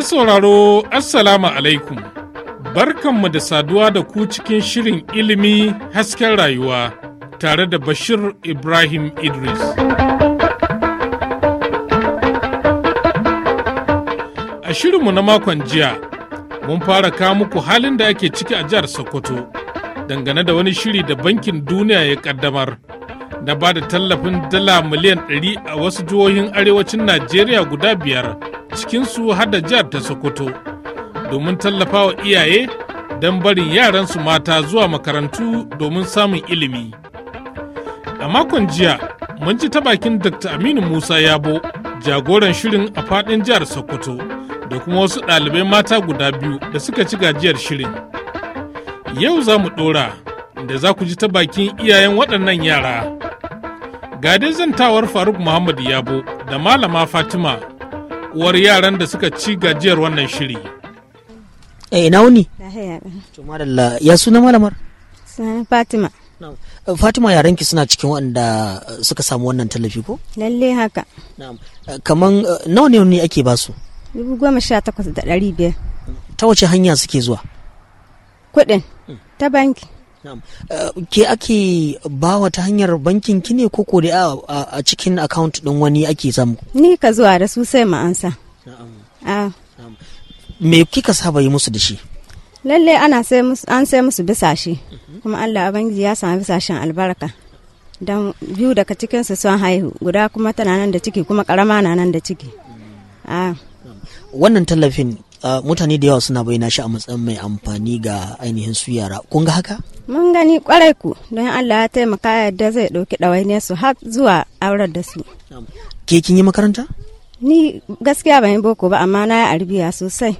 Masu sauraro Assalamu alaikum. Barkanmu da saduwa da ku cikin shirin ilimi hasken rayuwa tare da Bashir Ibrahim Idris. A shirinmu na makon jiya, mun fara kawo muku halin da ake ciki a jihar Sokoto dangane da wani shiri da Bankin Duniya ya kaddamar. Na ba da tallafin dala miliyan 100 a wasu jihohin arewacin Najeriya guda biyar. cikinsu har da jihar ta Sokoto domin tallafawa iyaye don barin yaransu mata zuwa makarantu domin samun ilimi. A makon jiya mun ji ta bakin Dr. Aminu Musa Yabo jagoran shirin a faɗin jihar Sokoto da kuma wasu ɗalibai mata guda biyu da suka ci gajiyar shirin. Yau za mu ɗora da za ku ji ta bakin iyayen waɗannan yara. Ga zantawar Faruk Muhammad Yabo da Malama Fatima uwar yaran da suka ci gajiyar wannan shiri. Eh na wuni? na ya suna malamar? Sunan Fatima. Eh, Fatima ki suna cikin wanda eh, suka samu wannan tallafi ko? Lalle haka. Eh, kaman nawa ne wani ake su? Dubu goma sha takwas da ɗari biyar. Ta wace hanya suke zuwa? Kuɗin hmm. ta banki. Eh, ke ake bawa ta hanyar bankin ki ne ko da a cikin account din wani ake samu ni ka zuwa da su sai ma'ansa me kika saba yi musu da shi lalle ana an sai musu bisa shi, kuma allah abangiji ya sami bisashen albarka don biyu daga cikinsu sun haihu guda kuma tana nan da ciki kuma karama na nan da ciki wannan tallafin Ah, mutane da yawa suna bayyana shi a matsayin mai amfani ga ainihin su yara kun ga haka mun gani kwarai ku don Allah ya taimaka yadda zai dauki ɗawainiyar su har zuwa aurar da su ke kin yi makaranta ni gaskiya ban yi boko ba amma na yi arbiya sosai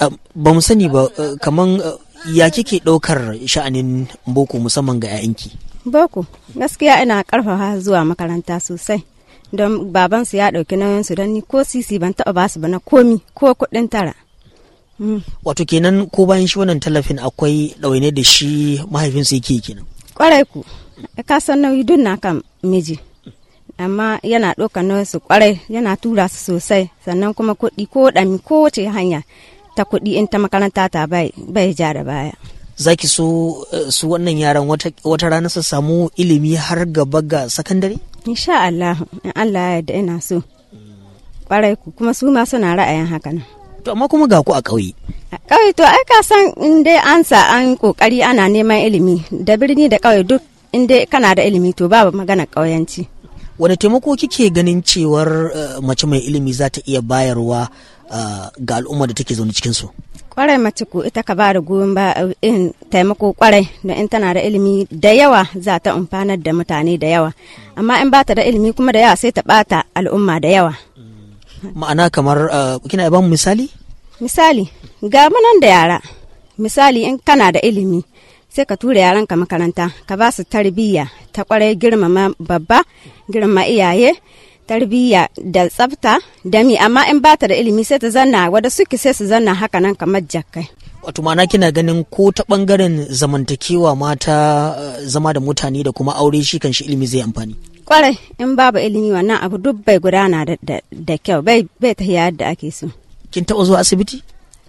ah, ba mu sani ba ah, kaman ya kike ɗaukar sha'anin boko musamman ga 'ya'yanki boko gaskiya ina karfafa zuwa makaranta sosai don babansu ya ɗauki nauyinsu don ni ko sisi ban taɓa ba su ba na komi ko kuɗin tara. Mm. Wato kenan ko bayan shi wannan tallafin akwai ɗawaine da shi mahaifinsu yake kenan. Kwarai ku, e, ka san nauyi duk na kan miji. Amma yana ɗaukar nauyinsu kwarai yana tura su sosai sannan kuma kuɗi ko ɗami ko wace hanya ta kuɗi in ta makaranta ta bai ja da baya. zaki so eh, su wannan yaran wata rana su samu ilimi har gaba ga sakandare? insha Allah in Allah ya yarda ina so kwarai ku kuma su ma suna ra'ayin haka nan to amma kuma ga ku a ƙauye a ƙauye to ai ka san in dai an sa an kokari ana neman ilimi da birni da ƙauye duk in dai kana da ilimi to babu magana ƙauyanci wani taimako kike ganin cewar eh, mace mai ilimi za ta iya bayarwa eh, ga al'umma da take zaune cikinsu kwarai mace ko ita ka ba da goyon ba eh, in taimako kwarai da in tana da ilimi da yawa za ta amfana da mutane da yawa amma in ba ta da ilimi kuma da yawa sai ta bata al'umma da yawa ma'ana kamar kina ba mu misali misali ga nan da yara misali in kana da ilimi sai ka tura yaranka makaranta ka ba su tarbiyya ta kwarai girmama babba girma iyaye tarbiyya da tsafta da mi amma in ba ta da ilimi sai ta zanna wadda suke sai su zanna haka nan kamar jakai. wato mana kina ganin ko ta bangaren zamantakewa mata eh, zama da mutane da kuma aure shi kan shi ilimi zai amfani kwarai in babu ilimi wannan abu duk bai gudana da kyau bai ta yadda ake so kin taɓa zuwa asibiti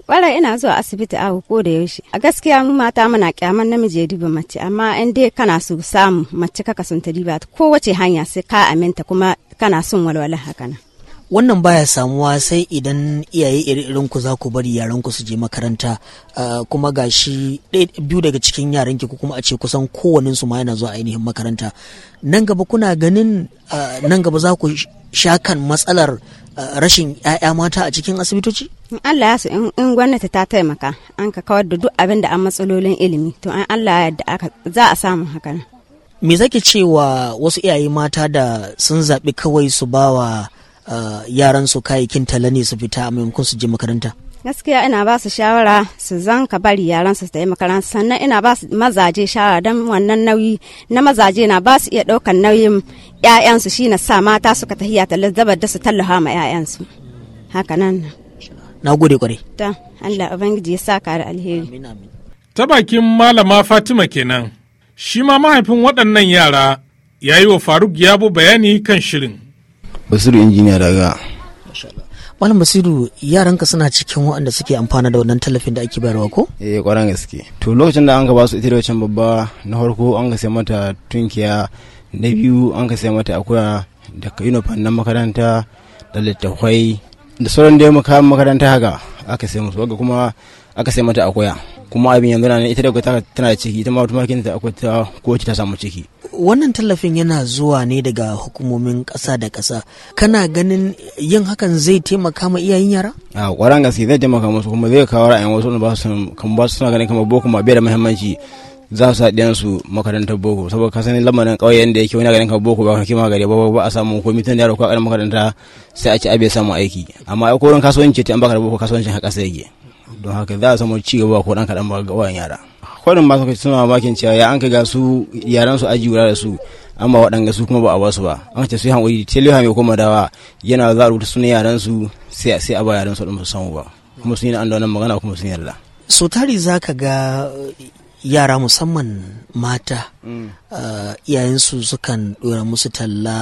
Wara ina zuwa asibiti awo ko da yaushe. A gaskiya mu mata muna kyaman namiji ya duba mace amma in dai kana so samu mace kaka sun ta diba ko wace hanya sai ka aminta kuma kana son walwala haka nan. wannan baya samuwa sai idan iyaye iri-irin ku za ku bari yaran ku su je makaranta ah, kuma ga shi biyu daga cikin yaran ki kuma a ce kusan kowannen su ma yana zuwa ainihin makaranta nan gaba kuna ganin ah, nan gaba za ku sha kan matsalar ah, rashin 'ya'ya mata a cikin asibitoci? Allah ya su in gwamnati ta taimaka an ka kawar da duk abin da an matsalolin ilimi to an Allah ya yarda za a samu hakan. Me zaki cewa wasu iyaye mata da sun zaɓi kawai su bawa Uh, yaran su kayayyakin tala ne su fita a maimakon su je makaranta gaskiya ina ba su shawara su zan ka bari yaran su yi makaranta sannan ina ba su mazaje shawara don wannan nauyi na mazaje na ba su iya ɗaukan nauyin 'ya'yansu shi na sa mata suka tahiya talar da su tallafa ma 'ya'yansu haka nan na gode kwarai ta Allah ubangiji ya saka da alheri ta bakin malama Fatima kenan shi ma mahaifin waɗannan yara ya yi wa Faruk Yabo bayani kan shirin basiru injiniya daga malam basiru yaranka suna cikin waɗanda suke amfana da wannan tallafin da ake bayarwa ko eh kwaran gaske to lokacin da an ka ba su ita da babba na farko an ka sai mata tunkiya na biyu an ka sai mata akuya da yunifan na makaranta da littattafai da sauran da ya makayan makaranta haka aka sai musu waga kuma aka sai mata akuya kuma abin yanzu na ita da tana ciki ita ma tumakin ta akwai ta ko ta samu ciki wannan tallafin yana zuwa ne daga hukumomin ƙasa da ƙasa kana ganin yin hakan zai taimaka ma iyayen yara a ƙwaran gaske zai taimaka musu kuma zai kawo ra'ayin wasu wanda ba su kan ba su suna ganin kamar boko ma bai da muhimmanci za su haɗe su makarantar boko saboda ka sani lamarin ƙauyen da yake wani ganin kamar boko ba kuma kima gari ba ba a samu komai tun yaro ko a makaranta sai a ci abe samu aiki amma a kowane kasuwanci ta an baka da boko kasuwancin haƙasa sai yake don haka za a samu ci gaba ko ɗan kaɗan ba ga wayan yara kwarin ma suka suna mamakin cewa ya an ka ga su yaran su aji da su amma waɗanga su kuma ba a ba su ba an ce su yi hankali teleha mai kuma dawa yana za a rubuta suna yaran su sai a ba yaran su ɗin su samu ba kuma sun yi an da magana kuma sun yarda. so tari za ka ga yara musamman mata mm. uh, iyayensu sukan ɗora musu talla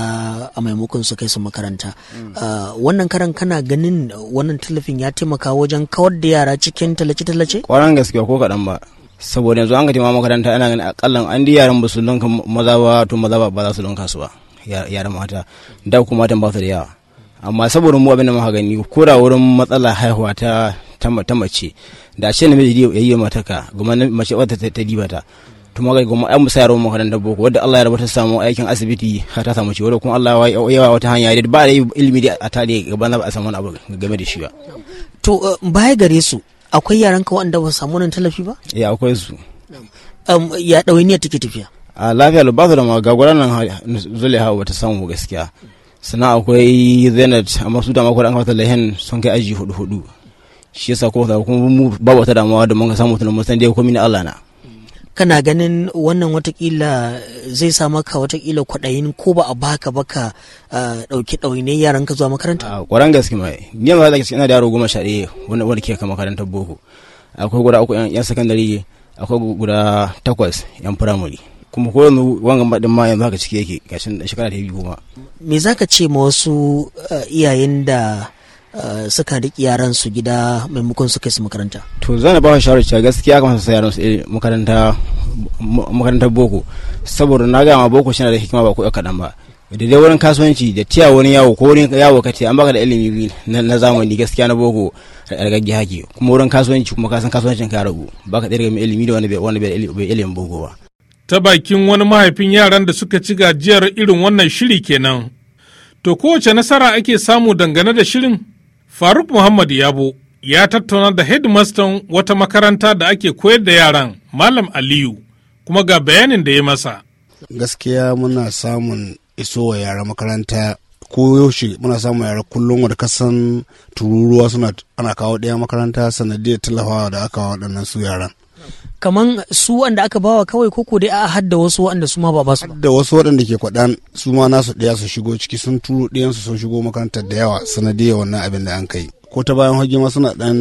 a maimakon su kai su makaranta mm. uh, wannan karan kana ganin wannan tallafin ya taimaka wajen kawar da yara cikin tallace-tallace? kwaran gaskiya ko kaɗan ba saboda yanzu an ka taimaka makaranta ana ganin akalla an di yaran ba su lunka maza ba to maza ba za su lunka su ba yaran mata da kuma matan ba su da yawa amma saboda mu abinda muka gani ko da wurin matsala haihuwa ta ta mace da ce namiji ya yi ka goma mace wata ta diba ta to ma goma ai musa yaro makarantar boko wadda Allah ya rabata ta samu aikin asibiti har ta samu ci wanda kuma Allah ya yawa wata hanya da ba da ilimi da a tare gaban ba a samu abu game da shi ba to eh, baya gare su akwai yaran ka wanda ba samu wannan tallafi ba ya eh, akwai su ya ɗawainiyar take tafiya a lafiya ba su da magagwara nan zule hawa ta samu gaskiya sannan akwai zenit amma su dama kuɗin kamata lahen sun kai aji hudu hudu shi yasa ko kuma mu ba wata damuwa da mun samu tunan mun san dai komi na Allah na kana ganin wannan watakila zai sa maka watakila kwaɗayin ko ba a baka baka ah, ɗauki ɗaune yaran ka zuwa makaranta? Kwaran ah, gaske mai, ni yanzu da ina da yaro goma sha ɗaya wanda wanda ke kan makarantar boko. Akwai guda uku yan sakandare, akwai guda takwas yan firamare. kuma ko yanzu wangan baɗin ma yanzu haka ciki yake gashin shekara ta biyu goma. Me za ka ce ma wasu ah, iyayen da Eh, suka riƙe yaran su gida maimakon su kai su makaranta to zan ba shi shawarar cewa gaskiya kamar su yaran su makaranta makarantar boko saboda na ga ma boko shi da hikima ba ko kaɗan ba da dai wurin kasuwanci da tiya wani yawo ko wani yawo ka ce an baka da ilimi na zamani gaskiya na boko da gaggi kuma wurin kasuwanci kuma kasan kasuwancin ka ragu baka da mai ilimi da wani wani bai ilimin boko ba ta bakin wani mahaifin yaran da suka ci gajiyar irin wannan shiri kenan to kowace nasara ake samu dangane da shirin Faruk Muhammad Yabo ya tattauna da hedmastan wata makaranta da ake koyar da yaran Malam Aliyu kuma ga bayanin da ya masa. Gaskiya muna samun iso wa yara makaranta ko yaushe muna samun yara kullum wadda kasan tururuwa suna ana kawo ɗaya makaranta sanadiyar tallafawa da aka waɗannan su yaran. kaman su wanda aka bawa kawai koko dai a hadda wasu wanda su ma ba basu hadda wasu waɗanda ke kwadan su ma nasu daya su shigo ciki sun turo ɗayan su sun shigo makarantar da yawa sanadiyar wannan abin da an kai ko ta bayan hajji ma suna ɗan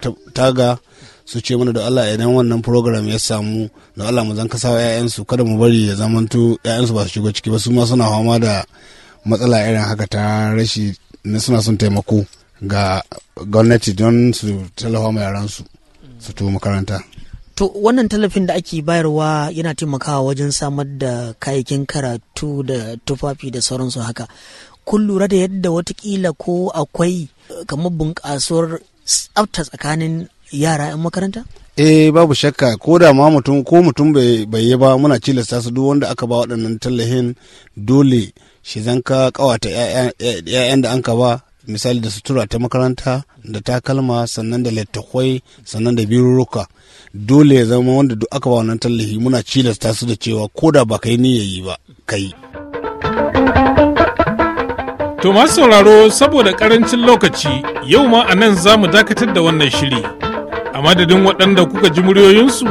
ta taga su ce mana da Allah idan wannan program ya samu da Allah mu zanka sawa ƴaƴansu kada mu bari ya zamanto ƴaƴansu ba su shigo ciki ba su ma suna fama da matsala irin haka ta rashi na suna son taimako ga gwamnati don su tallafa ma yaransu. su su to makaranta to wannan tallafin da ake bayarwa yana taimakawa wajen samar da kayayyakin karatu da tufafi da sauransu haka kun lura da yadda watakila ko akwai eh, kamar bunƙasuwar tsafta tsakanin yara 'yan makaranta eh babu shakka ko da ma mutum ko mutum bai yi ba muna cilasta su duk wanda aka ba waɗannan tallafin dole shi zan ka kawata 'ya'yan da an ka ba misali da sutura ta makaranta da takalma sannan da littattafai sannan da biruruka dole ya zama wanda duk aka ba wannan tallafi muna cilasta su da cewa ko da ba kai yi ba kai to masu sauraro saboda karancin lokaci yau ma a nan za mu dakatar da wannan shiri a madadin waɗanda kuka ji muryoyinsu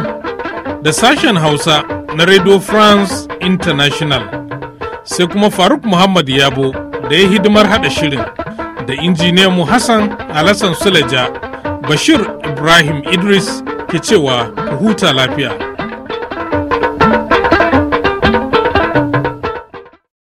da sashen hausa na radio france international sai kuma faruk muhammad yabo da ya hidimar haɗa shirin da injiniyan mu Hassan Alassan Suleja Bashir Ibrahim Idris ke cewa huta lafiya.